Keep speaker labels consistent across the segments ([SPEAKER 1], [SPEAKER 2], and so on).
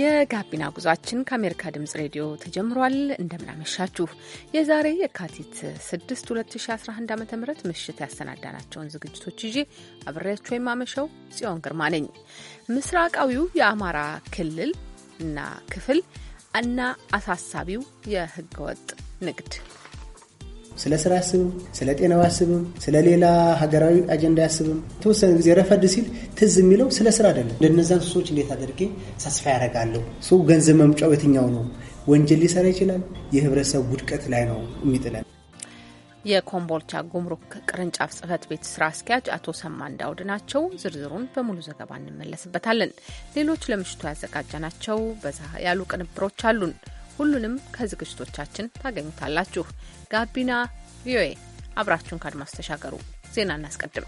[SPEAKER 1] የጋቢና ጉዟችን ከአሜሪካ ድምጽ ሬዲዮ ተጀምሯል። እንደምናመሻችሁ የዛሬ የካቲት 6 2011 ዓ ም ምሽት ያሰናዳናቸውን ዝግጅቶች ይዤ አብሬያችሁ የማመሸው ጽዮን ግርማ ነኝ። ምስራቃዊው የአማራ ክልል እና ክፍል እና አሳሳቢው የህገወጥ
[SPEAKER 2] ንግድ ስለ ስራ አያስብም፣ ስለ ጤናው አያስብም፣ ስለ ሌላ ሀገራዊ አጀንዳ አያስብም። የተወሰነ ጊዜ ረፈድ ሲል ትዝ የሚለው ስለ ስራ አይደለም። እንደነዛን ሱሶች እንዴት አድርጌ ተስፋ ያደርጋለሁ? ሰው ገንዘብ መምጫው የትኛው ነው? ወንጀል ሊሰራ ይችላል። የህብረተሰብ ውድቀት ላይ ነው የሚጥለን።
[SPEAKER 1] የኮምቦልቻ ጉምሩክ ቅርንጫፍ ጽህፈት ቤት ስራ አስኪያጅ አቶ ሰማ እንዳውድ ናቸው። ዝርዝሩን በሙሉ ዘገባ እንመለስበታለን። ሌሎች ለምሽቱ ያዘጋጀናቸው በዛ ያሉ ቅንብሮች አሉን። ሁሉንም ከዝግጅቶቻችን ታገኙታላችሁ። ጋቢና ቪኦኤ አብራችሁን ከአድማስ ተሻገሩ። ዜና እናስቀድም።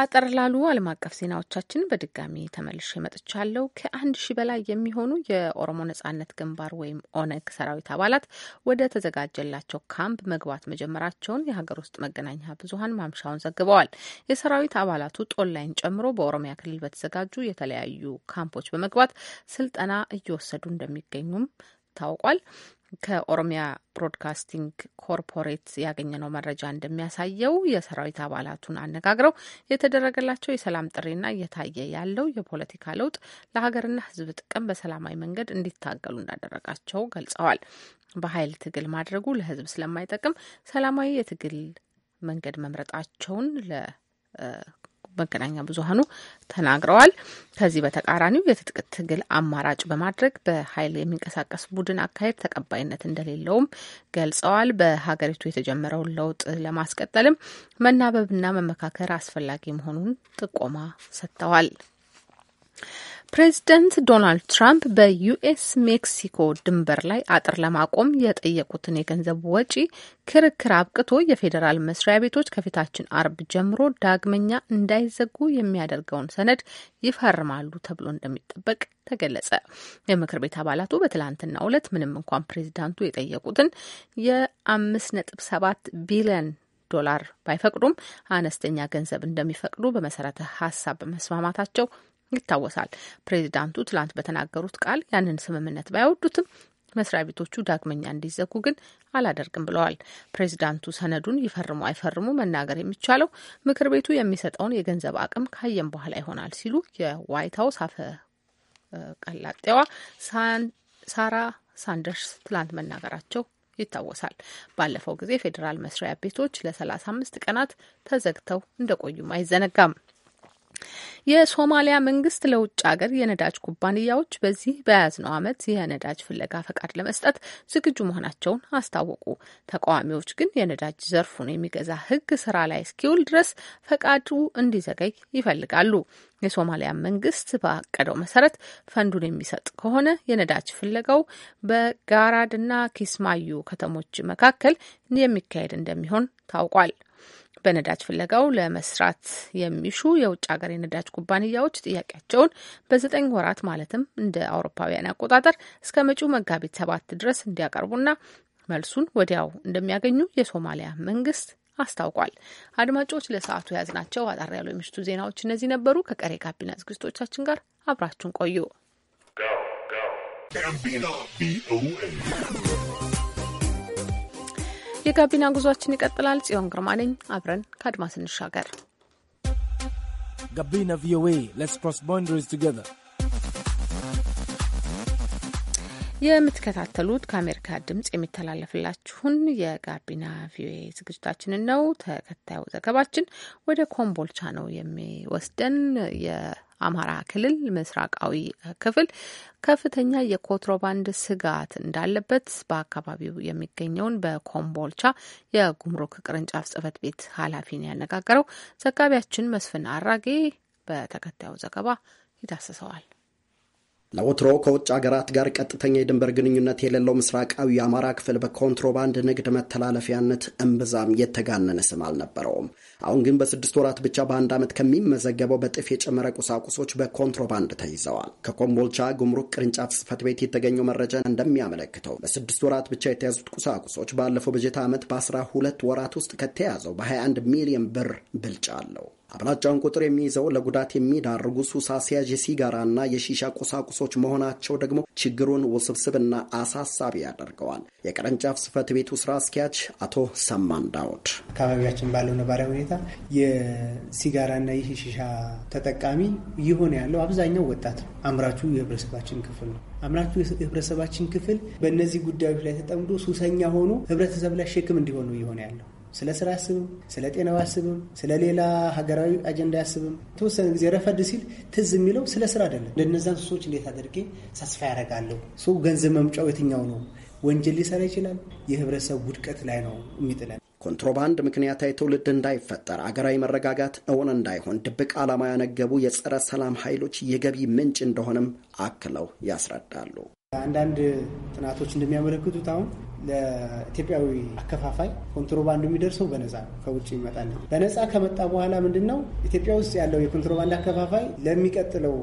[SPEAKER 1] አጠር ላሉ ዓለም አቀፍ ዜናዎቻችን በድጋሚ ተመልሼ መጥቻለሁ። ከአንድ ሺህ በላይ የሚሆኑ የኦሮሞ ነጻነት ግንባር ወይም ኦነግ ሰራዊት አባላት ወደ ተዘጋጀላቸው ካምፕ መግባት መጀመራቸውን የሀገር ውስጥ መገናኛ ብዙኃን ማምሻውን ዘግበዋል። የሰራዊት አባላቱ ጦላይን ጨምሮ በኦሮሚያ ክልል በተዘጋጁ የተለያዩ ካምፖች በመግባት ስልጠና እየወሰዱ እንደሚገኙም ታውቋል። ከኦሮሚያ ብሮድካስቲንግ ኮርፖሬት ያገኘነው መረጃ እንደሚያሳየው የሰራዊት አባላቱን አነጋግረው የተደረገላቸው የሰላም ጥሪና እየታየ ያለው የፖለቲካ ለውጥ ለሀገርና ሕዝብ ጥቅም በሰላማዊ መንገድ እንዲታገሉ እንዳደረጋቸው ገልጸዋል። በኃይል ትግል ማድረጉ ለሕዝብ ስለማይጠቅም ሰላማዊ የትግል መንገድ መምረጣቸውን ለ መገናኛ ብዙሀኑ ተናግረዋል። ከዚህ በተቃራኒው የትጥቅ ትግል አማራጭ በማድረግ በኃይል የሚንቀሳቀስ ቡድን አካሄድ ተቀባይነት እንደሌለውም ገልጸዋል። በሀገሪቱ የተጀመረውን ለውጥ ለማስቀጠልም መናበብና መመካከር አስፈላጊ መሆኑን ጥቆማ ሰጥተዋል። ፕሬዚደንት ዶናልድ ትራምፕ በዩኤስ ሜክሲኮ ድንበር ላይ አጥር ለማቆም የጠየቁትን የገንዘብ ወጪ ክርክር አብቅቶ የፌዴራል መስሪያ ቤቶች ከፊታችን አርብ ጀምሮ ዳግመኛ እንዳይዘጉ የሚያደርገውን ሰነድ ይፈርማሉ ተብሎ እንደሚጠበቅ ተገለጸ። የምክር ቤት አባላቱ በትላንትናው ዕለት ምንም እንኳን ፕሬዚዳንቱ የጠየቁትን የአምስት ነጥብ ሰባት ቢሊዮን ዶላር ባይፈቅዱም አነስተኛ ገንዘብ እንደሚፈቅዱ በመሰረተ ሀሳብ በመስማማታቸው ይታወሳል። ፕሬዚዳንቱ ትላንት በተናገሩት ቃል ያንን ስምምነት ባይወዱትም መስሪያ ቤቶቹ ዳግመኛ እንዲዘጉ ግን አላደርግም ብለዋል። ፕሬዚዳንቱ ሰነዱን ይፈርሙ አይፈርሙ መናገር የሚቻለው ምክር ቤቱ የሚሰጠውን የገንዘብ አቅም ካየም በኋላ ይሆናል ሲሉ የዋይት ሀውስ አፈ ቀላጤዋ ሳራ ሳንደርስ ትላንት መናገራቸው ይታወሳል። ባለፈው ጊዜ ፌዴራል መስሪያ ቤቶች ለ አምስት ቀናት ተዘግተው እንደቆዩም አይዘነጋም። የሶማሊያ መንግስት ለውጭ ሀገር የነዳጅ ኩባንያዎች በዚህ በያዝነው ዓመት የነዳጅ ፍለጋ ፈቃድ ለመስጠት ዝግጁ መሆናቸውን አስታወቁ። ተቃዋሚዎች ግን የነዳጅ ዘርፉን የሚገዛ ሕግ ስራ ላይ እስኪውል ድረስ ፈቃዱ እንዲዘገይ ይፈልጋሉ። የሶማሊያ መንግስት ባቀደው መሰረት ፈንዱን የሚሰጥ ከሆነ የነዳጅ ፍለጋው በጋራድና ኪስማዩ ከተሞች መካከል የሚካሄድ እንደሚሆን ታውቋል። በነዳጅ ፍለጋው ለመስራት የሚሹ የውጭ ሀገር የነዳጅ ኩባንያዎች ጥያቄያቸውን በዘጠኝ ወራት ማለትም እንደ አውሮፓውያን አቆጣጠር እስከ መጪው መጋቢት ሰባት ድረስ እንዲያቀርቡና መልሱን ወዲያው እንደሚያገኙ የሶማሊያ መንግስት አስታውቋል። አድማጮች ለሰዓቱ የያዝናቸው አጠር ያሉ የምሽቱ ዜናዎች እነዚህ ነበሩ። ከቀሬ ጋቢና ዝግጅቶቻችን ጋር አብራችሁን ቆዩ። የጋቢና ጉዟችን ይቀጥላል። ጽዮን ግርማ ነኝ። አብረን ከአድማስ እንሻገር።
[SPEAKER 3] ጋቢና ቪኦኤ ሌትስ ክሮስ ቦንደሪስ ቱጌዘር
[SPEAKER 1] የምትከታተሉት ከአሜሪካ ድምጽ የሚተላለፍላችሁን የጋቢና ቪኦኤ ዝግጅታችንን ነው። ተከታዩ ዘገባችን ወደ ኮምቦልቻ ነው የሚወስደን። አማራ ክልል ምስራቃዊ ክፍል ከፍተኛ የኮንትሮባንድ ስጋት እንዳለበት በአካባቢው የሚገኘውን በኮምቦልቻ የጉምሩክ ቅርንጫፍ ጽህፈት ቤት ኃላፊን ያነጋገረው ዘጋቢያችን መስፍን አራጌ በተከታዩ ዘገባ ይዳስሰዋል።
[SPEAKER 4] ለወትሮ ከውጭ ሀገራት ጋር ቀጥተኛ የድንበር ግንኙነት የሌለው ምስራቃዊ የአማራ ክፍል በኮንትሮባንድ ንግድ መተላለፊያነት እምብዛም የተጋነነ ስም አልነበረውም። አሁን ግን በስድስት ወራት ብቻ በአንድ ዓመት ከሚመዘገበው በጥፍ የጨመረ ቁሳቁሶች በኮንትሮባንድ ተይዘዋል። ከኮምቦልቻ ጉምሩክ ቅርንጫፍ ጽሕፈት ቤት የተገኘው መረጃ እንደሚያመለክተው በስድስት ወራት ብቻ የተያዙት ቁሳቁሶች ባለፈው በጀት ዓመት በ12 ወራት ውስጥ ከተያዘው በ21 ሚሊዮን ብር ብልጫ አለው። አብላጫውን ቁጥር የሚይዘው ለጉዳት የሚዳርጉ ሱስ አስያዥ የሲጋራና የሺሻ ቁሳቁሶች መሆናቸው ደግሞ ችግሩን ውስብስብና አሳሳቢ ያደርገዋል። የቅርንጫፍ ጽሕፈት ቤቱ ስራ አስኪያጅ አቶ ሰማን ዳውድ
[SPEAKER 2] አካባቢያችን ባለው ነባሪያ ሁኔታ የሲጋራና ይህ ተጠቃሚ ይሆን ያለው አብዛኛው ወጣት ነው። አምራቹ የህብረተሰባችን ክፍል ነው። አምራቹ የህብረተሰባችን ክፍል በእነዚህ ጉዳዮች ላይ ተጠምዶ ሱሰኛ ሆኖ ህብረተሰብ ላይ ሸክም እንዲሆኑ ይሆን ያለው ስለ ስራ አያስብም፣ ስለ ጤናው አያስብም፣ ስለ ሌላ ሀገራዊ አጀንዳ አያስብም። የተወሰነ ጊዜ ረፈድ ሲል ትዝ የሚለው ስለ ስራ አይደለም። እንደነዛን ሱሶች እንዴት አድርጌ ሳስፋ ያደርጋለሁ? ሰው ገንዘብ መምጫው የትኛው ነው? ወንጀል ሊሰራ ይችላል። የህብረተሰብ ውድቀት ላይ ነው የሚጥለን።
[SPEAKER 4] ኮንትሮባንድ ምክንያታዊ ትውልድ እንዳይፈጠር፣ አገራዊ መረጋጋት እውን እንዳይሆን ድብቅ ዓላማ ያነገቡ የጸረ ሰላም ኃይሎች የገቢ ምንጭ እንደሆነም አክለው ያስረዳሉ።
[SPEAKER 2] አንዳንድ ጥናቶች እንደሚያመለክቱት አሁን ለኢትዮጵያዊ አከፋፋይ ኮንትሮባንዱ የሚደርሰው በነፃ ከውጭ ይመጣል። በነፃ ከመጣ በኋላ ምንድን ነው ኢትዮጵያ ውስጥ ያለው የኮንትሮባንድ አከፋፋይ ለሚቀጥለው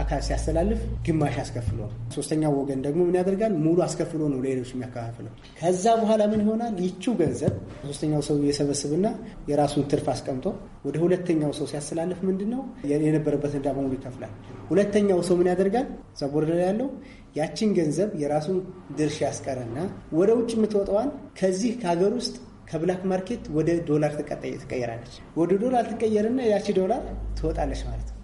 [SPEAKER 2] አካል ሲያስተላልፍ ግማሽ አስከፍሏል። ሶስተኛው ወገን ደግሞ ምን ያደርጋል? ሙሉ አስከፍሎ ነው ሌሎች የሚያከፋፍለው። ከዛ በኋላ ምን ይሆናል? ይቺው ገንዘብ ሶስተኛው ሰው እየሰበስብና የራሱን ትርፍ አስቀምጦ ወደ ሁለተኛው ሰው ሲያስተላልፍ ምንድን ነው የነበረበት በሙሉ ይከፍላል። ሁለተኛው ሰው ምን ያደርጋል? እዛ ቦርደር ያለው ያችን ገንዘብ የራሱን ድርሻ ያስቀረና ወደ ውጭ የምትወጣዋን ከዚህ ከሀገር ውስጥ ከብላክ ማርኬት ወደ ዶላር ትቀየራለች። ወደ ዶላር ትቀየርና ያቺ ዶላር ትወጣለች ማለት ነው።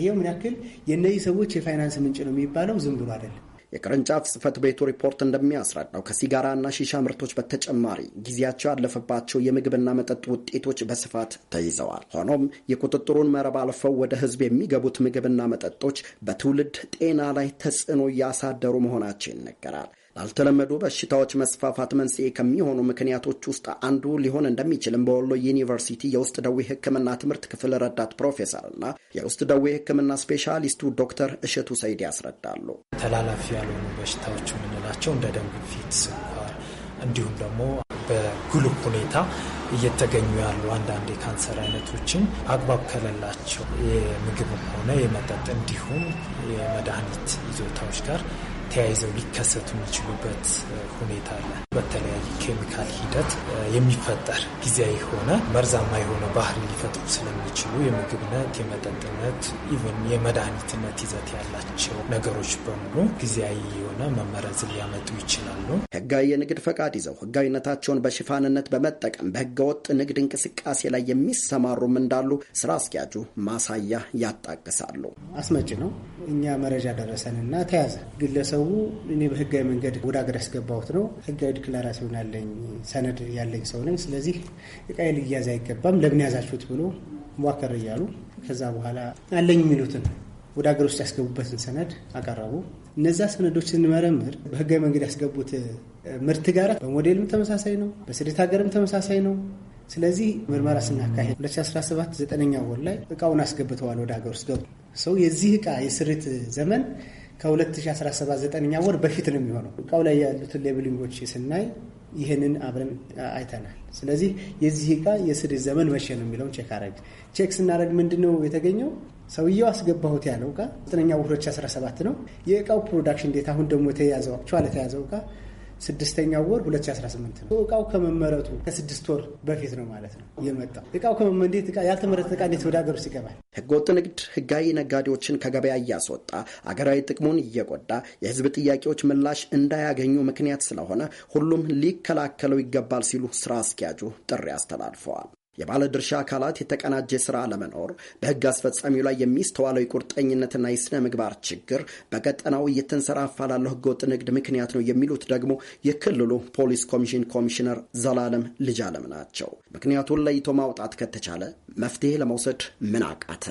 [SPEAKER 2] ይሄው ምን ያክል የእነዚህ ሰዎች የፋይናንስ ምንጭ ነው የሚባለው ዝም ብሎ አይደለም።
[SPEAKER 4] የቅርንጫፍ ጽህፈት ቤቱ ሪፖርት እንደሚያስረዳው ከሲጋራና ሺሻ ምርቶች በተጨማሪ ጊዜያቸው ያለፈባቸው የምግብና መጠጥ ውጤቶች በስፋት ተይዘዋል። ሆኖም የቁጥጥሩን መረብ አልፈው ወደ ህዝብ የሚገቡት ምግብና መጠጦች በትውልድ ጤና ላይ ተጽዕኖ እያሳደሩ መሆናቸው ይነገራል። ላልተለመዱ በሽታዎች መስፋፋት መንስኤ ከሚሆኑ ምክንያቶች ውስጥ አንዱ ሊሆን እንደሚችልም በወሎ ዩኒቨርሲቲ የውስጥ ደዌ ሕክምና ትምህርት ክፍል ረዳት ፕሮፌሰርና የውስጥ ደዌ ሕክምና ስፔሻሊስቱ ዶክተር እሸቱ ሰይድ ያስረዳሉ።
[SPEAKER 2] ተላላፊ ያልሆኑ በሽታዎች የምንላቸው እንደ ደም ግፊት፣ ስኳር እንዲሁም ደግሞ በጉልህ ሁኔታ እየተገኙ ያሉ አንዳንድ የካንሰር አይነቶችን አግባብ ከሌላቸው የምግብም ሆነ የመጠጥ እንዲሁም የመድኃኒት ይዞታዎች ጋር ተያይዘው ሊከሰቱ የሚችሉበት ሁኔታ አለ። በተለያየ ኬሚካል ሂደት የሚፈጠር ጊዜያዊ የሆነ መርዛማ የሆነ ባህሪ ሊፈጥሩ ስለሚችሉ የምግብነት፣ የመጠጥነት፣ ኢቨን የመድኃኒትነት ይዘት ያላቸው ነገሮች በሙሉ ጊዜያዊ የሆነ መመረዝ ሊያመጡ
[SPEAKER 4] ይችላሉ። ህጋዊ የንግድ ፈቃድ ይዘው ህጋዊነታቸውን በሽፋንነት በመጠቀም በህገወጥ ንግድ እንቅስቃሴ ላይ የሚሰማሩም እንዳሉ ስራ አስኪያጁ ማሳያ ያጣቅሳሉ።
[SPEAKER 2] አስመጭ ነው። እኛ መረጃ ደረሰንና ተያዘ ግለሰቡ ሰው እኔ በህጋዊ መንገድ ወደ ሀገር ያስገባሁት ነው፣ ህጋዊ ዲክላራሲዮን ያለኝ ሰነድ ያለኝ ሰው ነኝ፣ ስለዚህ እቃዬ ልያዝ አይገባም፣ ለምን ያዛችሁት ብሎ ሟከር እያሉ ከዛ በኋላ አለኝ የሚሉትን ወደ ሀገር ውስጥ ያስገቡበትን ሰነድ አቀረቡ። እነዛ ሰነዶች ስንመረምር በህጋዊ መንገድ ያስገቡት ምርት ጋር በሞዴልም ተመሳሳይ ነው፣ በስደት ሀገርም ተመሳሳይ ነው። ስለዚህ ምርመራ ስናካሄድ 2017 ዘጠነኛ ወር ላይ እቃውን አስገብተዋል ወደ ሀገር ውስጥ ገቡ። ሰው የዚህ እቃ የስሪት ዘመን ከ2017 ዘጠነኛ ወር በፊት ነው የሚሆነው። እቃው ላይ ያሉትን ሌብሊንጎች ስናይ ይህንን አብረን አይተናል። ስለዚህ የዚህ እቃ የስሪት ዘመን መቼ ነው የሚለውን ቼክ አረግ ቼክ ስናደረግ ምንድን ነው የተገኘው? ሰውየው አስገባሁት ያለው እቃ ዘጠነኛ ወር 2017 ነው። የእቃው ፕሮዳክሽን ዴት አሁን ደግሞ የተያዘው ቸ ለተያዘው እቃ ስድስተኛው ወር 2018 ነው። እቃው ከመመረቱ ከስድስት ወር በፊት ነው ማለት ነው የመጣው እቃው ከመመንዴት ያልተመረተ እቃ እንዴት ወደ ሀገር ውስጥ ይገባል?
[SPEAKER 4] ህገወጥ ንግድ ህጋዊ ነጋዴዎችን ከገበያ እያስወጣ አገራዊ ጥቅሙን እየጎዳ የህዝብ ጥያቄዎች ምላሽ እንዳያገኙ ምክንያት ስለሆነ ሁሉም ሊከላከለው ይገባል ሲሉ ስራ አስኪያጁ ጥሪ አስተላልፈዋል። የባለድርሻ አካላት የተቀናጀ ስራ አለመኖር፣ በህግ አስፈጻሚው ላይ የሚስተዋለው የቁርጠኝነትና የስነ ምግባር ችግር በቀጠናው እየተንሰራፋ ላለው ህገወጥ ንግድ ምክንያት ነው የሚሉት ደግሞ የክልሉ ፖሊስ ኮሚሽን ኮሚሽነር ዘላለም ልጅ አለም ናቸው። ምክንያቱን ለይቶ ማውጣት ከተቻለ መፍትሄ ለመውሰድ ምን አቃተ?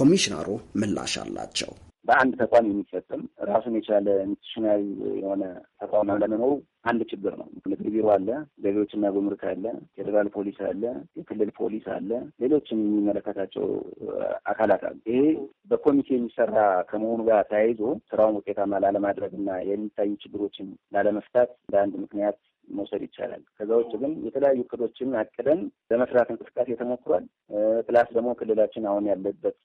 [SPEAKER 4] ኮሚሽነሩ ምላሽ አላቸው።
[SPEAKER 5] በአንድ ተቋም የሚፈጽም ራሱን የቻለ ኢንስቲቱሽናዊ የሆነ ተቋም አለመኖሩ
[SPEAKER 6] አንድ ችግር ነው። ምክር ቢሮ አለ፣ ገቢዎችና ጉምሩክ አለ፣ ፌዴራል ፖሊስ አለ፣ የክልል ፖሊስ አለ፣ ሌሎችም የሚመለከታቸው አካላት አሉ። ይሄ በኮሚቴ የሚሰራ ከመሆኑ ጋር ተያይዞ ስራውን ውጤታማ ላለማድረግ እና የሚታዩ ችግሮችን ላለመፍታት ለአንድ ምክንያት መውሰድ ይቻላል። ከዛ ውጭ ግን የተለያዩ እቅዶችን አቅደን ለመስራት እንቅስቃሴ ተሞክሯል። ፕላስ ደግሞ ክልላችን አሁን ያለበት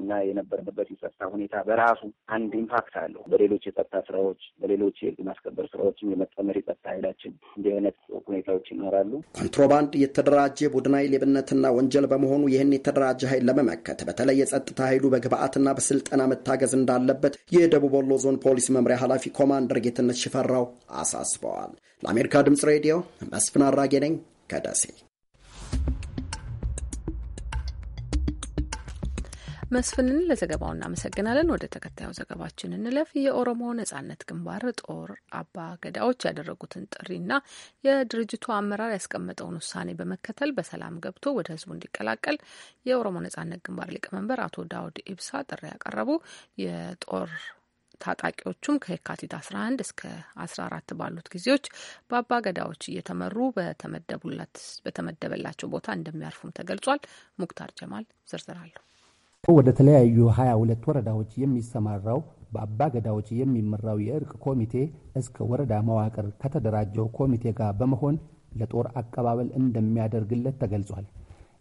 [SPEAKER 6] እና የነበርንበት የጸጥታ ሁኔታ በራሱ አንድ ኢምፓክት አለው። በሌሎች የጸጥታ ስራዎች፣ በሌሎች የህግ ማስከበር ስራዎችም
[SPEAKER 4] የመጠመር የጸጥታ ኃይላችን እንዲህ አይነት ሁኔታዎች ይኖራሉ። ኮንትሮባንድ የተደራጀ ቡድናዊ ሌብነትና ወንጀል በመሆኑ ይህን የተደራጀ ኃይል ለመመከት በተለይ የጸጥታ ኃይሉ በግብአትና በስልጠና መታገዝ እንዳለበት የደቡብ ወሎ ዞን ፖሊስ መምሪያ ኃላፊ ኮማንደር ጌትነት ሽፈራው አሳስበዋል። ለአሜሪካ ድምፅ ሬዲዮ መስፍን አራጌ ነኝ ከደሴ።
[SPEAKER 1] መስፍንን ለዘገባው እናመሰግናለን። ወደ ተከታዩ ዘገባችን እንለፍ። የኦሮሞ ነጻነት ግንባር ጦር አባ ገዳዎች ያደረጉትን ጥሪና የድርጅቱ አመራር ያስቀመጠውን ውሳኔ በመከተል በሰላም ገብቶ ወደ ህዝቡ እንዲቀላቀል የኦሮሞ ነጻነት ግንባር ሊቀመንበር አቶ ዳውድ ኢብሳ ጥሪ ያቀረቡ የጦር ታጣቂዎቹም ከየካቲት 11 እስከ 14 ባሉት ጊዜዎች በአባ ገዳዎች እየተመሩ በተመደበላቸው ቦታ እንደሚያርፉም ተገልጿል። ሙክታር ጀማል ዝርዝራለሁ።
[SPEAKER 6] ወደ ተለያዩ 22 ወረዳዎች የሚሰማራው በአባ ገዳዎች የሚመራው የእርቅ ኮሚቴ እስከ ወረዳ መዋቅር ከተደራጀው ኮሚቴ ጋር በመሆን ለጦር አቀባበል እንደሚያደርግለት ተገልጿል።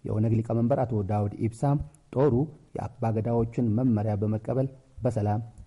[SPEAKER 6] የኦነግ ሊቀመንበር አቶ ዳውድ ኢብሳም ጦሩ የአባ ገዳዎችን መመሪያ በመቀበል በሰላም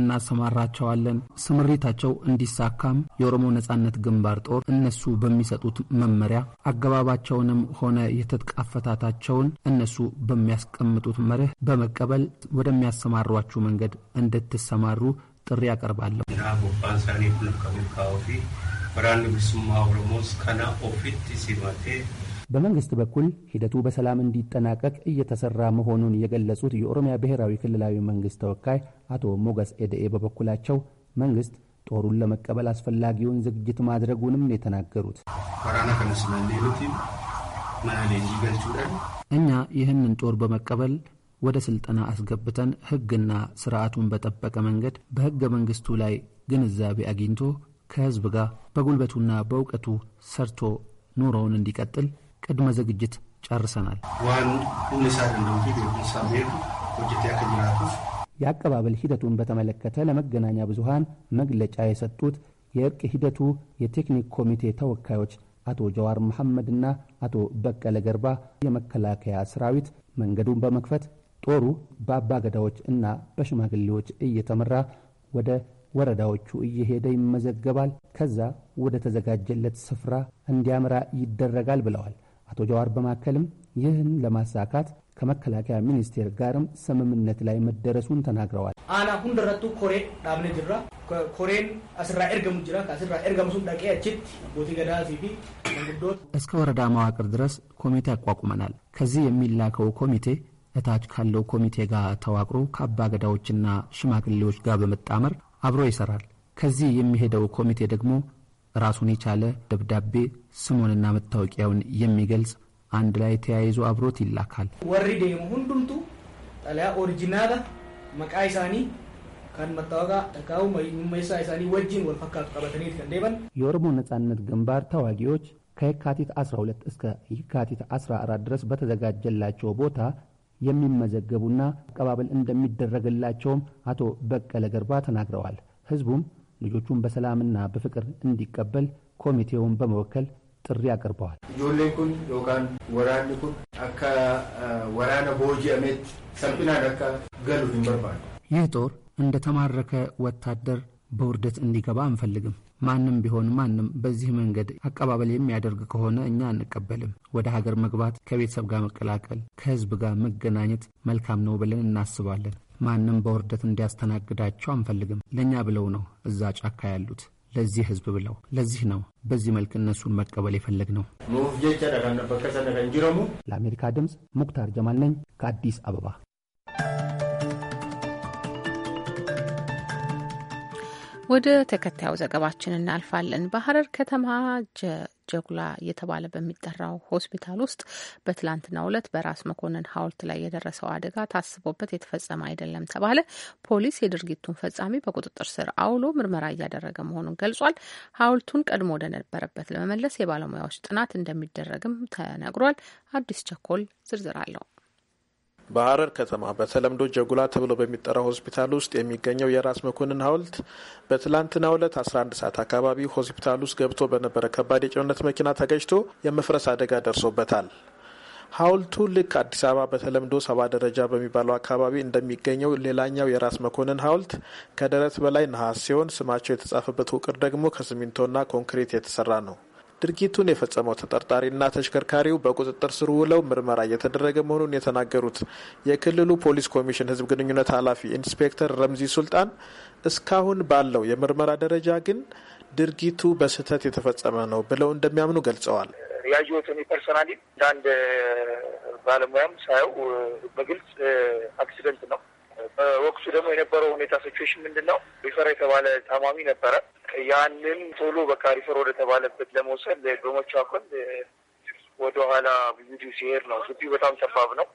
[SPEAKER 6] እናሰማራቸዋለን። ስምሪታቸው እንዲሳካም የኦሮሞ ነጻነት ግንባር ጦር እነሱ በሚሰጡት መመሪያ አገባባቸውንም ሆነ የትጥቅ አፈታታቸውን እነሱ በሚያስቀምጡት መርህ በመቀበል ወደሚያሰማሯችሁ መንገድ እንድትሰማሩ ጥሪ ያቀርባለሁ።
[SPEAKER 7] ራቦባንሳኔ ኦሮሞስ ከና ኦፊት ሲማቴ
[SPEAKER 6] በመንግስት በኩል ሂደቱ በሰላም እንዲጠናቀቅ እየተሰራ መሆኑን የገለጹት የኦሮሚያ ብሔራዊ ክልላዊ መንግስት ተወካይ አቶ ሞገስ ኤደኤ በበኩላቸው መንግስት ጦሩን ለመቀበል አስፈላጊውን ዝግጅት ማድረጉንም የተናገሩት እኛ ይህንን ጦር በመቀበል ወደ ስልጠና አስገብተን ህግና ስርዓቱን በጠበቀ መንገድ በህገ መንግስቱ ላይ ግንዛቤ አግኝቶ ከህዝብ ጋር በጉልበቱና በእውቀቱ ሰርቶ ኑሮውን እንዲቀጥል ቅድመ ዝግጅት ጨርሰናል። የአቀባበል ሂደቱን በተመለከተ ለመገናኛ ብዙሃን መግለጫ የሰጡት የእርቅ ሂደቱ የቴክኒክ ኮሚቴ ተወካዮች አቶ ጀዋር መሐመድና አቶ በቀለ ገርባ የመከላከያ ሰራዊት መንገዱን በመክፈት ጦሩ በአባገዳዎች እና በሽማግሌዎች እየተመራ ወደ ወረዳዎቹ እየሄደ ይመዘገባል። ከዛ ወደ ተዘጋጀለት ስፍራ እንዲያመራ ይደረጋል ብለዋል። አቶ ጀዋር በማከልም ይህን ለማሳካት ከመከላከያ ሚኒስቴር ጋርም ስምምነት ላይ መደረሱን ተናግረዋል።
[SPEAKER 2] አና ሁን ደረቱ ኮሬ ዳብነ ጅራ ኮሬን አስራ ኤርገሙ ጅራ ከአስራ ኤርገሙሱ ዳቄ ችት ቦቲ ገዳ ሲፊ
[SPEAKER 6] እስከ ወረዳ መዋቅር ድረስ ኮሚቴ ያቋቁመናል። ከዚህ የሚላከው ኮሚቴ እታች ካለው ኮሚቴ ጋር ተዋቅሮ ከአባ ገዳዎችና ሽማግሌዎች ጋር በመጣመር አብሮ ይሰራል። ከዚህ የሚሄደው ኮሚቴ ደግሞ ራሱን የቻለ ደብዳቤ ስሙንና መታወቂያውን የሚገልጽ አንድ ላይ ተያይዞ አብሮት ይላካል።
[SPEAKER 2] ወሪ ደሙ ሁንዱምቱ ጠለያ ኦሪጂናላ መቃ ይሳኒ ካን መታወቃ ተካው መይሳ ይሳኒ ወልፈካቱ ቀበተኔት ከንደበን
[SPEAKER 6] የኦሮሞ ነጻነት ግንባር ተዋጊዎች ከየካቲት 12 እስከ የካቲት 14 ድረስ በተዘጋጀላቸው ቦታ የሚመዘገቡና አቀባበል እንደሚደረግላቸውም አቶ በቀለ ገርባ ተናግረዋል። ህዝቡም ልጆቹን በሰላምና በፍቅር እንዲቀበል ኮሚቴውን በመወከል ጥሪ አቅርበዋል።
[SPEAKER 7] ጆሌኩን ዮካን
[SPEAKER 6] ወራኒኩን አካ ወራነ ቦጂ አሜት ሰልፊናን ደካ ገሉ ይመርባል። ይህ ጦር እንደ ተማረከ ወታደር በውርደት እንዲገባ አንፈልግም። ማንም ቢሆን ማንም በዚህ መንገድ አቀባበል የሚያደርግ ከሆነ እኛ አንቀበልም። ወደ ሀገር መግባት፣ ከቤተሰብ ጋር መቀላቀል፣ ከህዝብ ጋር መገናኘት መልካም ነው ብለን እናስባለን። ማንም በውርደት እንዲያስተናግዳቸው አንፈልግም። ለእኛ ብለው ነው እዛ ጫካ ያሉት፣ ለዚህ ህዝብ ብለው። ለዚህ ነው በዚህ መልክ እነሱን መቀበል የፈለግ ነው። ለአሜሪካ ድምፅ ሙክታር ጀማል ነኝ ከአዲስ አበባ።
[SPEAKER 1] ወደ ተከታዩ ዘገባችን እናልፋለን። በሐረር ከተማ ጀጉላ እየተባለ በሚጠራው ሆስፒታል ውስጥ በትላንትናው ዕለት በራስ መኮንን ሐውልት ላይ የደረሰው አደጋ ታስቦበት የተፈጸመ አይደለም ተባለ። ፖሊስ የድርጊቱን ፈጻሚ በቁጥጥር ስር አውሎ ምርመራ እያደረገ መሆኑን ገልጿል። ሐውልቱን ቀድሞ ወደነበረበት ለመመለስ የባለሙያዎች ጥናት እንደሚደረግም ተነግሯል። አዲስ ቸኮል ዝርዝር አለው።
[SPEAKER 8] በሀረር ከተማ በተለምዶ ጀጉላ ተብሎ በሚጠራው ሆስፒታል ውስጥ የሚገኘው የራስ መኮንን ሐውልት በትላንትናው ዕለት 11 ሰዓት አካባቢ ሆስፒታል ውስጥ ገብቶ በነበረ ከባድ የጭነት መኪና ተገጭቶ የመፍረስ አደጋ ደርሶበታል። ሐውልቱ ልክ አዲስ አበባ በተለምዶ ሰባ ደረጃ በሚባለው አካባቢ እንደሚገኘው ሌላኛው የራስ መኮንን ሐውልት ከደረት በላይ ነሐስ ሲሆን ስማቸው የተጻፈበት ውቅር ደግሞ ከሲሚንቶና ኮንክሪት የተሰራ ነው። ድርጊቱን የፈጸመው ተጠርጣሪና ተሽከርካሪው በቁጥጥር ስር ውለው ምርመራ እየተደረገ መሆኑን የተናገሩት የክልሉ ፖሊስ ኮሚሽን ህዝብ ግንኙነት ኃላፊ ኢንስፔክተር ረምዚ ሱልጣን እስካሁን ባለው የምርመራ ደረጃ ግን ድርጊቱ በስህተት የተፈጸመ ነው ብለው እንደሚያምኑ ገልጸዋል።
[SPEAKER 5] ያየሁት እኔ እንደ አንድ ባለሙያም ሳየው በግልጽ አክሲደንት ነው ወቅቱ ደግሞ የነበረው ሁኔታ ሲትዌሽን ምንድን ነው? ሪፈር የተባለ ታማሚ ነበረ። ያንን ቶሎ በቃ ሪፈር ወደተባለበት ለመውሰድ በመቻኮል ወደኋላ ብዙ ሲሄድ ነው። ግቢው በጣም ጠባብ ነው።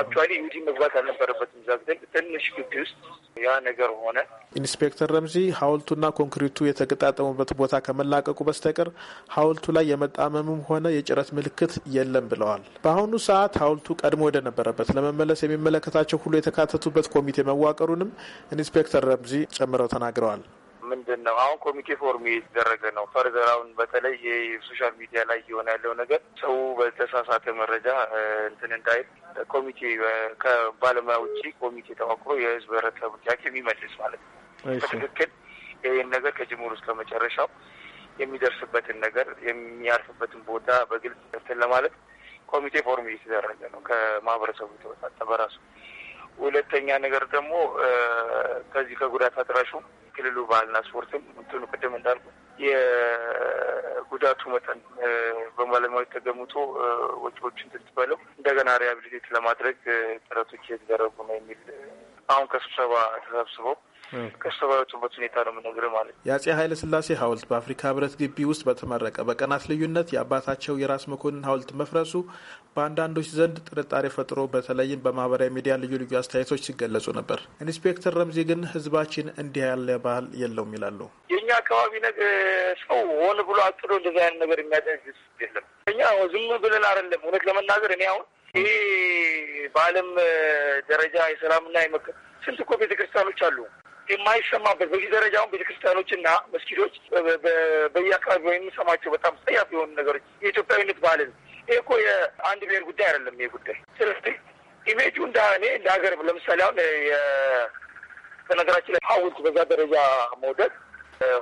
[SPEAKER 5] አክቹዋሊ ዩዲ መግባት አልነበረበትም። እዛ ትንሽ ግቢ ውስጥ ያ ነገር ሆነ።
[SPEAKER 8] ኢንስፔክተር ረምዚ ሐውልቱና ኮንክሪቱ የተገጣጠሙበት ቦታ ከመላቀቁ በስተቀር ሀውልቱ ላይ የመጣመምም ሆነ የጭረት ምልክት የለም ብለዋል። በአሁኑ ሰዓት ሀውልቱ ቀድሞ ወደነበረበት ለመመለስ የሚመለከታቸው ሁሉ የተካተቱበት ኮሚቴ መዋቀሩንም ኢንስፔክተር ረምዚ ጨምረው ተናግረዋል።
[SPEAKER 5] ምንድን ነው አሁን ኮሚቴ ፎርም የተደረገ ነው። ፈርዘር አሁን በተለይ የሶሻል ሚዲያ ላይ እየሆነ ያለው ነገር ሰው በተሳሳተ መረጃ እንትን እንዳይል ኮሚቴ ከባለሙያ ውጭ ኮሚቴ ተዋቅሮ የህዝብ ህብረተሰቡ ጥያቄ የሚመልስ ማለት ነው። በትክክል ይህን ነገር ከጅምሩ እስከ መጨረሻው የሚደርስበትን ነገር የሚያርፍበትን ቦታ በግልጽ እንትን ለማለት ኮሚቴ ፎርም እየተደረገ ነው። ከማህበረሰቡ የተወጣጠ በራሱ ሁለተኛ ነገር ደግሞ ከዚህ ከጉዳት አድራሹ ክልሉ ባህልና ስፖርትም እንትኑ ቅድም እንዳልኩ የጉዳቱ መጠን በባለሙያዎች ተገምቶ ወጪዎችን ትትበለው እንደገና ሪሃብሊቴት ለማድረግ ጥረቶች እየተደረጉ ነው የሚል አሁን ከስብሰባ ተሰብስበው ከስተባዮቹበት ሁኔታ ነው የምነግርህ ማለት
[SPEAKER 8] ነው። የአጼ ኃይለ ስላሴ ሐውልት በአፍሪካ ህብረት ግቢ ውስጥ በተመረቀ በቀናት ልዩነት የአባታቸው የራስ መኮንን ሀውልት መፍረሱ በአንዳንዶች ዘንድ ጥርጣሬ ፈጥሮ በተለይም በማህበራዊ ሚዲያ ልዩ ልዩ አስተያየቶች ሲገለጹ ነበር። ኢንስፔክተር ረምዚ ግን ህዝባችን እንዲህ ያለ ባህል የለውም ይላሉ። የእኛ
[SPEAKER 5] አካባቢ ሰው ሆን ብሎ አቅዶ እንደዚህ አይነት ነገር የሚያደርግ የለም። እኛ ዝም ብለን አይደለም። እውነት ለመናገር እኔ አሁን ይሄ በዓለም ደረጃ የሰላምና ስንት እኮ ቤተክርስቲያኖች አሉ የማይሰማበት በዚህ ደረጃ አሁን ቤተክርስቲያኖችና መስጊዶች በየአካባቢ የምንሰማቸው በጣም ጸያፍ የሆኑ ነገሮች የኢትዮጵያዊነት ባህልን ይሄ እኮ የአንድ ብሔር ጉዳይ አይደለም። ይህ ጉዳይ ስለዚህ ኢሜጁ እንደ እኔ እንደ ሀገር ለምሳሌ አሁን በነገራችን ላይ ሐውልት በዛ ደረጃ መውደቅ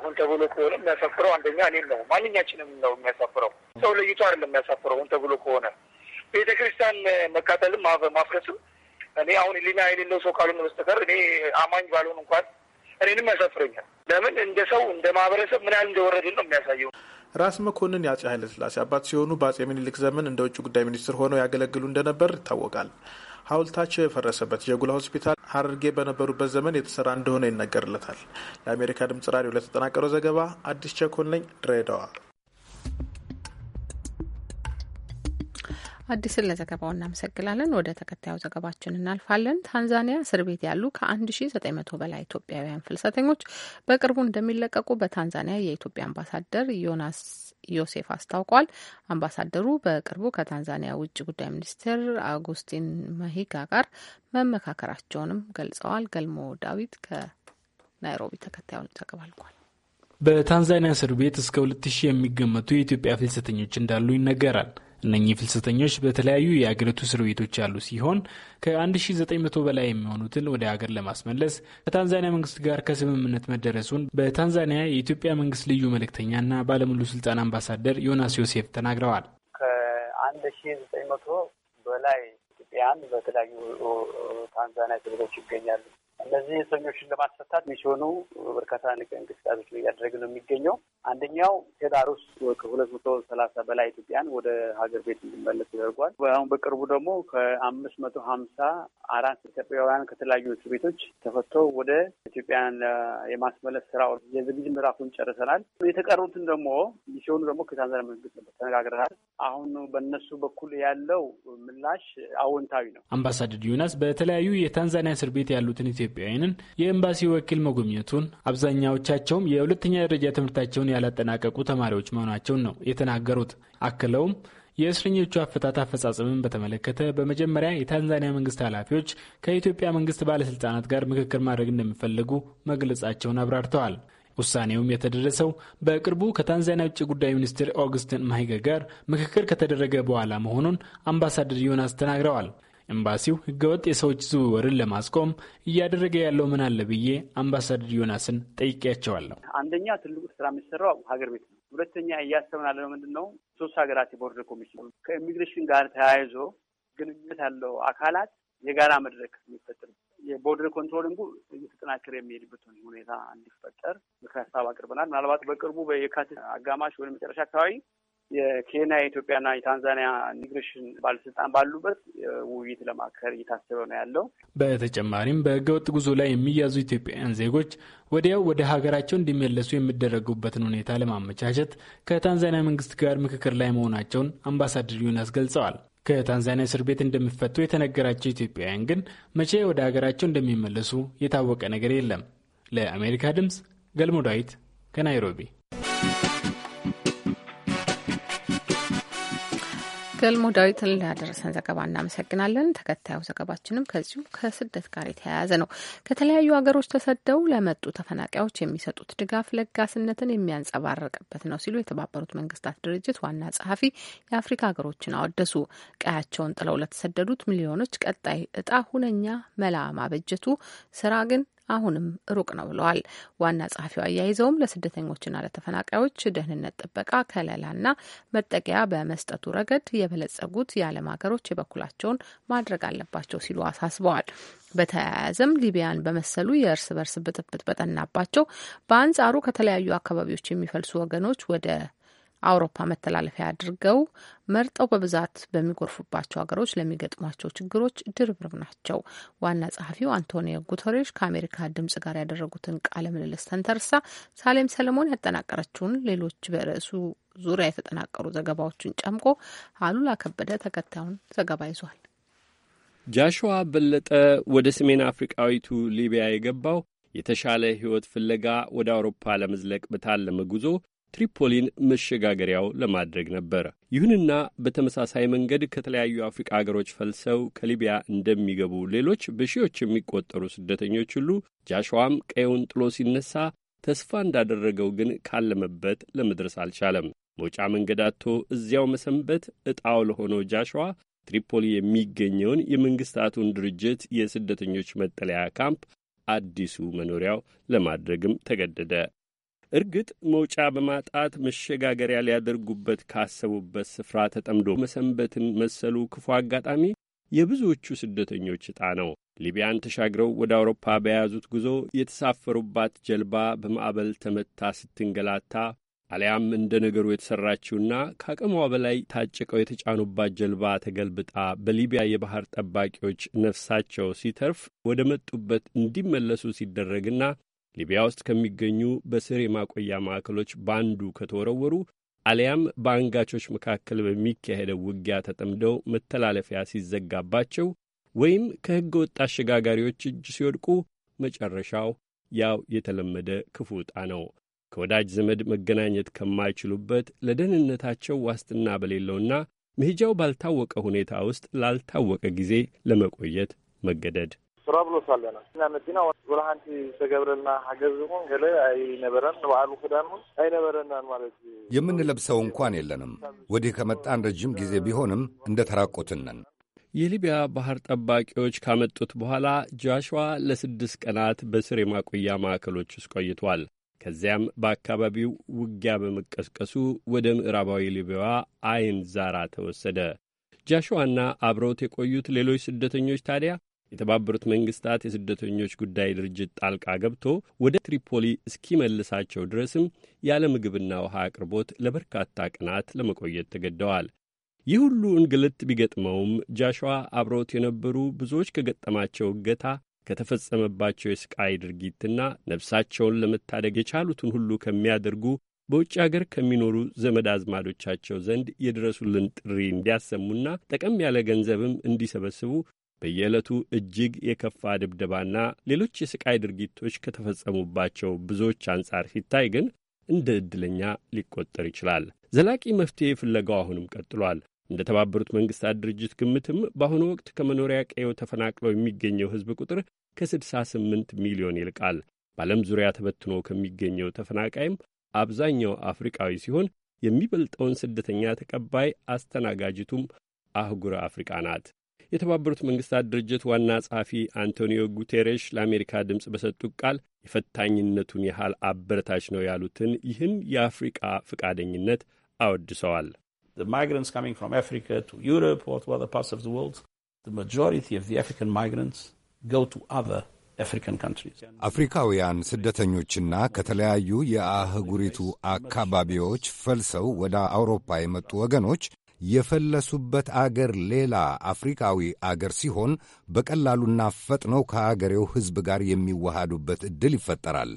[SPEAKER 5] ሁን ተብሎ ከሆነ የሚያሳፍረው አንደኛ እኔም ነው ማንኛችንም ነው የሚያሳፍረው። ሰው ለይቶ አይደለም የሚያሳፍረው ሁን ተብሎ ከሆነ ቤተ ክርስቲያን ማፍረስም እኔ አሁን ሊና የሌለው ሰው ካልሆነ በስተቀር እኔ አማኝ ባልሆን እንኳን እኔንም ያሳፍረኛል። ለምን እንደ ሰው እንደ ማህበረሰብ ምን ያህል እንደወረድን
[SPEAKER 8] ነው የሚያሳየው። ራስ መኮንን የአጼ ኃይለስላሴ አባት ሲሆኑ በአጼ ምኒልክ ዘመን እንደ ውጭ ጉዳይ ሚኒስትር ሆነው ያገለግሉ እንደነበር ይታወቃል። ሐውልታቸው የፈረሰበት ጀጉላ ሆስፒታል ሐረርጌ በነበሩበት ዘመን የተሰራ እንደሆነ ይነገርለታል። ለአሜሪካ ድምጽ ራዲዮ ለተጠናቀረው ዘገባ አዲስ ቸኮን ነኝ ድሬዳዋ።
[SPEAKER 1] አዲስን ለዘገባው እናመሰግናለን። ወደ ተከታዩ ዘገባችን እናልፋለን። ታንዛኒያ እስር ቤት ያሉ ከ1900 በላይ ኢትዮጵያውያን ፍልሰተኞች በቅርቡ እንደሚለቀቁ በታንዛኒያ የኢትዮጵያ አምባሳደር ዮናስ ዮሴፍ አስታውቋል። አምባሳደሩ በቅርቡ ከታንዛኒያ ውጭ ጉዳይ ሚኒስትር አጉስቲን መሂጋ ጋር መመካከራቸውንም ገልጸዋል። ገልሞ ዳዊት ከናይሮቢ ተከታዩን ዘገባ ልኳል።
[SPEAKER 3] በታንዛኒያ እስር ቤት እስከ 2000 የሚገመቱ የኢትዮጵያ ፍልሰተኞች እንዳሉ ይነገራል። እነኚህ ፍልሰተኞች በተለያዩ የአገሪቱ እስር ቤቶች ያሉ ሲሆን ከ1900 በላይ የሚሆኑትን ወደ ሀገር ለማስመለስ ከታንዛኒያ መንግስት ጋር ከስምምነት መደረሱን በታንዛኒያ የኢትዮጵያ መንግስት ልዩ መልእክተኛና ባለሙሉ ስልጣን አምባሳደር ዮናስ ዮሴፍ ተናግረዋል።
[SPEAKER 9] ከአንድ ሺ ዘጠኝ መቶ በላይ ኢትዮጵያውያን በተለያዩ ታንዛኒያ እስር ቤቶች ይገኛሉ። እነዚህ እስረኞችን ለማስፈታት የሚሆኑ በርካታ እንቅስቃሴዎች እያደረገ ነው የሚገኘው። አንደኛው ህዳር ውስጥ ከሁለት መቶ ሰላሳ በላይ ኢትዮጵያን ወደ ሀገር ቤት እንዲመለስ ተደርጓል። አሁን በቅርቡ ደግሞ ከአምስት መቶ ሀምሳ አራት ኢትዮጵያውያን ከተለያዩ እስር ቤቶች ተፈተው ወደ ኢትዮጵያን የማስመለስ ስራ የዝግጅት ምዕራፉን ጨርሰናል። የተቀሩትን ደግሞ ሲሆኑ ደግሞ ከታንዛኒያ መንግስት ተነጋግረናል። አሁን በእነሱ በኩል ያለው
[SPEAKER 3] ምላሽ አዎንታዊ ነው። አምባሳደር ዩናስ በተለያዩ የታንዛኒያ እስር ቤት ያሉትን ኢትዮጵያውያንን የኤምባሲ ወኪል መጎብኘቱን አብዛኛዎቻቸውም የሁለተኛ ደረጃ ትምህርታቸውን ያላጠናቀቁ ተማሪዎች መሆናቸውን ነው የተናገሩት። አክለውም የእስረኞቹ አፈታት አፈጻጸምን በተመለከተ በመጀመሪያ የታንዛኒያ መንግስት ኃላፊዎች ከኢትዮጵያ መንግስት ባለስልጣናት ጋር ምክክር ማድረግ እንደሚፈልጉ መግለጻቸውን አብራርተዋል። ውሳኔውም የተደረሰው በቅርቡ ከታንዛኒያ ውጭ ጉዳይ ሚኒስትር ኦግስትን ማሂገ ጋር ምክክር ከተደረገ በኋላ መሆኑን አምባሳደር ዮናስ ተናግረዋል። ኤምባሲው ህገወጥ የሰዎች ዝውውርን ለማስቆም እያደረገ ያለው ምን አለ ብዬ አምባሳደር ዮናስን ጠይቄያቸዋለሁ።
[SPEAKER 9] አንደኛ ትልቁ ስራ የሚሰራው ሀገር ቤት ነው። ሁለተኛ እያሰብን ያለነው ምንድን ነው፣ ሶስት ሀገራት የቦርደር ኮሚሽን ከኢሚግሬሽን ጋር ተያይዞ ግንኙነት ያለው አካላት የጋራ መድረክ የሚፈጥር የቦርደር ኮንትሮሊንጉ እየተጠናከረ የሚሄድበት ሁኔታ እንዲፈጠር ምክር ሀሳብ አቅርበናል። ምናልባት በቅርቡ የካቲት አጋማሽ ወይም መጨረሻ አካባቢ የኬንያ የኢትዮጵያና የታንዛኒያ ኢሚግሬሽን ባለስልጣን ባሉበት ውይይት ለማካሄድ እየታሰበ ነው ያለው።
[SPEAKER 3] በተጨማሪም በህገወጥ ጉዞ ላይ የሚያዙ ኢትዮጵያውያን ዜጎች ወዲያው ወደ ሀገራቸው እንዲመለሱ የሚደረጉበትን ሁኔታ ለማመቻቸት ከታንዛኒያ መንግስት ጋር ምክክር ላይ መሆናቸውን አምባሳደር ዩናስ ገልጸዋል። ከታንዛኒያ እስር ቤት እንደሚፈቱ የተነገራቸው ኢትዮጵያውያን ግን መቼ ወደ ሀገራቸው እንደሚመለሱ የታወቀ ነገር የለም። ለአሜሪካ ድምፅ ገልሞ ዳዊት ከናይሮቢ
[SPEAKER 1] ገልሞ ዳዊትን ላደረሰን ዘገባ እናመሰግናለን። ተከታዩ ዘገባችንም ከዚሁ ከስደት ጋር የተያያዘ ነው። ከተለያዩ ሀገሮች ተሰደው ለመጡ ተፈናቃዮች የሚሰጡት ድጋፍ ለጋስነትን የሚያንጸባርቅበት ነው ሲሉ የተባበሩት መንግስታት ድርጅት ዋና ጸሐፊ የአፍሪካ ሀገሮችን አወደሱ። ቀያቸውን ጥለው ለተሰደዱት ሚሊዮኖች ቀጣይ እጣ ሁነኛ መላ ማበጀቱ ስራ ግን አሁንም ሩቅ ነው ብለዋል። ዋና ጸሐፊው አያይዘውም ለስደተኞችና ለተፈናቃዮች ደህንነት ጥበቃ ከለላና መጠቂያ በመስጠቱ ረገድ የበለጸጉት የዓለም ሀገሮች የበኩላቸውን ማድረግ አለባቸው ሲሉ አሳስበዋል። በተያያዘም ሊቢያን በመሰሉ የእርስ በርስ ብጥብጥ በጠናባቸው በአንጻሩ ከተለያዩ አካባቢዎች የሚፈልሱ ወገኖች ወደ አውሮፓ መተላለፊያ አድርገው መርጠው በብዛት በሚጎርፉባቸው ሀገሮች ለሚገጥሟቸው ችግሮች ድርብርብ ናቸው። ዋና ጸሐፊው አንቶኒዮ ጉተሬሽ ከአሜሪካ ድምጽ ጋር ያደረጉትን ቃለ ምልልስ ተንተርሳ ሳሌም ሰለሞን ያጠናቀረችውን ሌሎች በርዕሱ ዙሪያ የተጠናቀሩ ዘገባዎችን ጨምቆ አሉላ ከበደ ተከታዩን ዘገባ ይዟል።
[SPEAKER 7] ጃሽዋ በለጠ ወደ ሰሜን አፍሪቃዊቱ ሊቢያ የገባው የተሻለ ሕይወት ፍለጋ ወደ አውሮፓ ለመዝለቅ በታለመ ጉዞ ትሪፖሊን መሸጋገሪያው ለማድረግ ነበር። ይሁንና በተመሳሳይ መንገድ ከተለያዩ አፍሪቃ አገሮች ፈልሰው ከሊቢያ እንደሚገቡ ሌሎች በሺዎች የሚቆጠሩ ስደተኞች ሁሉ ጃሽዋም ቀየውን ጥሎ ሲነሳ ተስፋ እንዳደረገው ግን ካለመበት ለመድረስ አልቻለም። መውጫ መንገድ አጥቶ እዚያው መሰንበት ዕጣው ለሆነው ጃሽዋ ትሪፖሊ የሚገኘውን የመንግሥታቱን ድርጅት የስደተኞች መጠለያ ካምፕ አዲሱ መኖሪያው ለማድረግም ተገደደ። እርግጥ መውጫ በማጣት መሸጋገሪያ ሊያደርጉበት ካሰቡበት ስፍራ ተጠምዶ መሰንበትን መሰሉ ክፉ አጋጣሚ የብዙዎቹ ስደተኞች ዕጣ ነው። ሊቢያን ተሻግረው ወደ አውሮፓ በያዙት ጉዞ የተሳፈሩባት ጀልባ በማዕበል ተመታ ስትንገላታ አሊያም እንደ ነገሩ የተሠራችውና ከአቅሟ በላይ ታጭቀው የተጫኑባት ጀልባ ተገልብጣ በሊቢያ የባሕር ጠባቂዎች ነፍሳቸው ሲተርፍ ወደ መጡበት እንዲመለሱ ሲደረግና ሊቢያ ውስጥ ከሚገኙ በስር የማቆያ ማዕከሎች በአንዱ ከተወረወሩ አሊያም በአንጋቾች መካከል በሚካሄደው ውጊያ ተጠምደው መተላለፊያ ሲዘጋባቸው ወይም ከሕገ ወጥ አሸጋጋሪዎች እጅ ሲወድቁ መጨረሻው ያው የተለመደ ክፉ ዕጣ ነው። ከወዳጅ ዘመድ መገናኘት ከማይችሉበት ለደህንነታቸው ዋስትና በሌለውና መሄጃው ባልታወቀ ሁኔታ ውስጥ ላልታወቀ ጊዜ ለመቆየት መገደድ
[SPEAKER 5] ስራብሎስ ኣለና እና መዲና ሓንቲ ዝተገብረልና ሓገዝ ይኹን ገለ ኣይነበረን ንባዕሉ ክዳን እውን ኣይነበረናን ማለት
[SPEAKER 7] እዩ። የምንለብሰው እንኳን የለንም። ወዲህ ከመጣን ረጅም ጊዜ ቢሆንም እንደ ተራቆትን የሊቢያ ባህር ጠባቂዎች ካመጡት በኋላ ጃሽዋ ለስድስት ቀናት በስር የማቆያ ማዕከሎች ውስጥ ቆይቷል። ከዚያም በአካባቢው ውጊያ በመቀስቀሱ ወደ ምዕራባዊ ሊቢያዋ አይን ዛራ ተወሰደ። ጃሽዋና አብረውት የቆዩት ሌሎች ስደተኞች ታዲያ የተባበሩት መንግስታት የስደተኞች ጉዳይ ድርጅት ጣልቃ ገብቶ ወደ ትሪፖሊ እስኪመልሳቸው ድረስም ያለ ምግብና ውሃ አቅርቦት ለበርካታ ቀናት ለመቆየት ተገደዋል። ይህ ሁሉ እንግልት ቢገጥመውም ጃሽዋ አብረውት የነበሩ ብዙዎች ከገጠማቸው እገታ ከተፈጸመባቸው የስቃይ ድርጊትና ነፍሳቸውን ለመታደግ የቻሉትን ሁሉ ከሚያደርጉ በውጭ አገር ከሚኖሩ ዘመድ አዝማዶቻቸው ዘንድ የድረሱልን ጥሪ እንዲያሰሙና ጠቀም ያለ ገንዘብም እንዲሰበስቡ በየዕለቱ እጅግ የከፋ ድብደባና ሌሎች የሥቃይ ድርጊቶች ከተፈጸሙባቸው ብዙዎች አንጻር ሲታይ ግን እንደ ዕድለኛ ሊቆጠር ይችላል። ዘላቂ መፍትሔ ፍለጋው አሁንም ቀጥሏል። እንደ ተባበሩት መንግሥታት ድርጅት ግምትም በአሁኑ ወቅት ከመኖሪያ ቀየው ተፈናቅለው የሚገኘው ሕዝብ ቁጥር ከ68 ሚሊዮን ይልቃል። በዓለም ዙሪያ ተበትኖ ከሚገኘው ተፈናቃይም አብዛኛው አፍሪቃዊ ሲሆን የሚበልጠውን ስደተኛ ተቀባይ አስተናጋጅቱም አህጉረ አፍሪቃ ናት። የተባበሩት መንግስታት ድርጅት ዋና ጸሐፊ አንቶኒዮ ጉቴሬሽ ለአሜሪካ ድምፅ በሰጡት ቃል የፈታኝነቱን ያህል አበረታች ነው ያሉትን ይህን የአፍሪቃ ፈቃደኝነት አወድሰዋል። አፍሪካውያን ስደተኞችና ከተለያዩ የአህጉሪቱ አካባቢዎች ፈልሰው ወደ አውሮፓ የመጡ ወገኖች የፈለሱበት አገር ሌላ አፍሪካዊ አገር ሲሆን በቀላሉና ፈጥነው ከአገሬው ሕዝብ ጋር የሚዋሃዱበት ዕድል ይፈጠራል።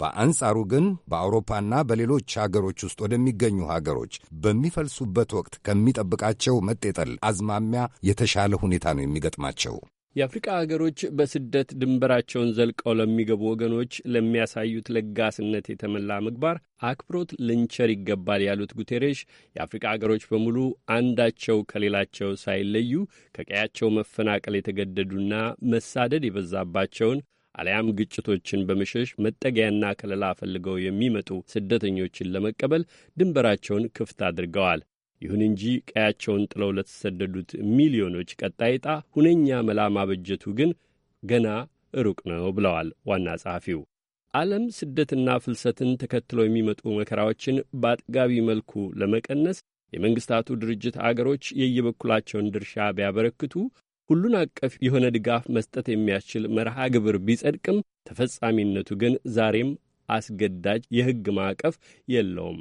[SPEAKER 7] በአንጻሩ ግን በአውሮፓና በሌሎች አገሮች ውስጥ ወደሚገኙ አገሮች በሚፈልሱበት ወቅት ከሚጠብቃቸው መጤጠል አዝማሚያ የተሻለ ሁኔታ ነው የሚገጥማቸው። የአፍሪቃ አገሮች በስደት ድንበራቸውን ዘልቀው ለሚገቡ ወገኖች ለሚያሳዩት ለጋስነት የተመላ ምግባር አክብሮት ልንቸር ይገባል ያሉት ጉቴሬሽ የአፍሪቃ አገሮች በሙሉ አንዳቸው ከሌላቸው ሳይለዩ ከቀያቸው መፈናቀል የተገደዱና መሳደድ የበዛባቸውን አሊያም ግጭቶችን በመሸሽ መጠጊያና ከለላ ፈልገው የሚመጡ ስደተኞችን ለመቀበል ድንበራቸውን ክፍት አድርገዋል። ይሁን እንጂ ቀያቸውን ጥለው ለተሰደዱት ሚሊዮኖች ቀጣይ ዕጣ ሁነኛ መላ ማበጀቱ ግን ገና ሩቅ ነው ብለዋል ዋና ጸሐፊው። ዓለም ስደትና ፍልሰትን ተከትለው የሚመጡ መከራዎችን በአጥጋቢ መልኩ ለመቀነስ የመንግሥታቱ ድርጅት አገሮች የየበኩላቸውን ድርሻ ቢያበረክቱ ሁሉን አቀፍ የሆነ ድጋፍ መስጠት የሚያስችል መርሃ ግብር ቢጸድቅም ተፈጻሚነቱ ግን ዛሬም አስገዳጅ የሕግ ማዕቀፍ የለውም።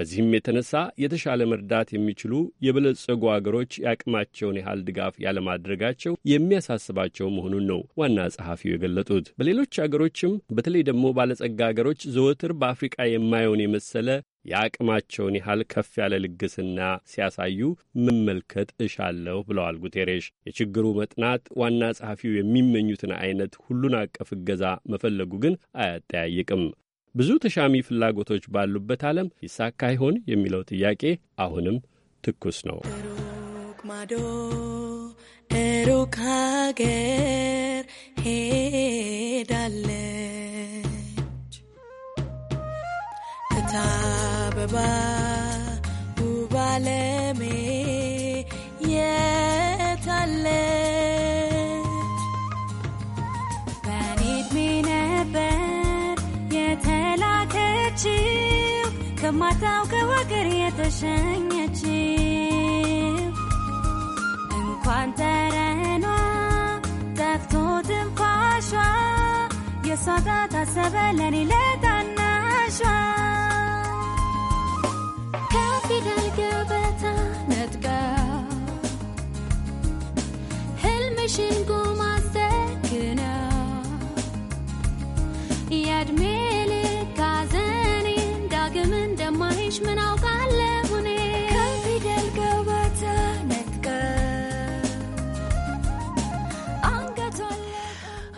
[SPEAKER 7] በዚህም የተነሳ የተሻለ መርዳት የሚችሉ የበለጸጉ አገሮች የአቅማቸውን ያህል ድጋፍ ያለማድረጋቸው የሚያሳስባቸው መሆኑን ነው ዋና ጸሐፊው የገለጡት። በሌሎች አገሮችም በተለይ ደግሞ ባለጸጋ አገሮች ዘወትር በአፍሪቃ የማየውን የመሰለ የአቅማቸውን ያህል ከፍ ያለ ልግስና ሲያሳዩ መመልከት እሻለሁ ብለዋል ጉቴሬሽ። የችግሩ መጥናት ዋና ጸሐፊው የሚመኙትን አይነት ሁሉን አቀፍ እገዛ መፈለጉ ግን አያጠያይቅም። ብዙ ተሻሚ ፍላጎቶች ባሉበት ዓለም ይሳካ ይሆን የሚለው ጥያቄ አሁንም ትኩስ ነው።
[SPEAKER 3] ሩቅ ማዶ ሩቅ ሀገር ሄዳለች እታ አበባ
[SPEAKER 6] ከማታው ከወገር የተሸኘች እንኳን ተረኗ ጠፍቶ ትንፋሿ የሷ ታታሰበ ለኔ ለታናሿ
[SPEAKER 3] ከፊደል ገበታ ነጥቃ ህልምሽ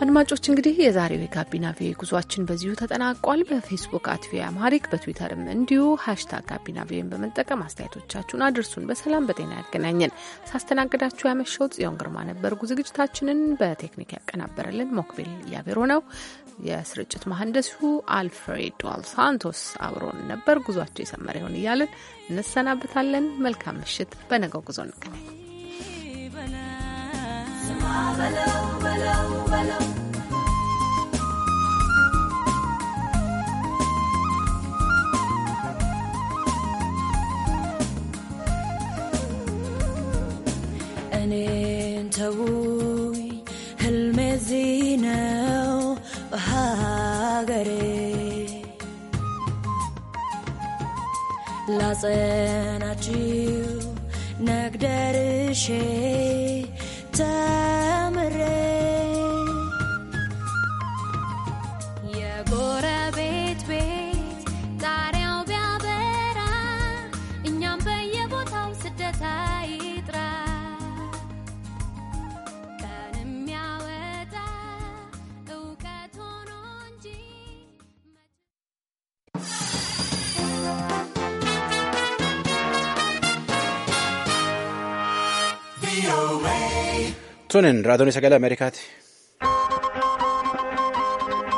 [SPEAKER 1] አድማጮች እንግዲህ የዛሬው የጋቢና ቪ ጉዟችን በዚሁ ተጠናቋል። በፌስቡክ አት አማሪክ በትዊተርም እንዲሁ ሀሽታግ ጋቢና ቪን በመጠቀም አስተያየቶቻችሁን አድርሱን። በሰላም በጤና ያገናኘን። ሳስተናግዳችሁ ያመሸሁት ጽዮን ግርማ ነበርኩ። ዝግጅታችንን በቴክኒክ ያቀናበረልን ሞክቤል እያቤሮ ነው። የስርጭት መሐንዲሱ አልፍሬዶ አልሳንቶስ አብሮን ነበር። ጉዟቸው የሰመረ ይሆን እያልን እንሰናብታለን። መልካም ምሽት። በነገው ጉዞ እንገናኝ።
[SPEAKER 6] ተውኝ ህልሜ እዚህ ነው በሀገሬ ላጸ
[SPEAKER 3] Tunin raadiyoon sagalee Ameerikaati.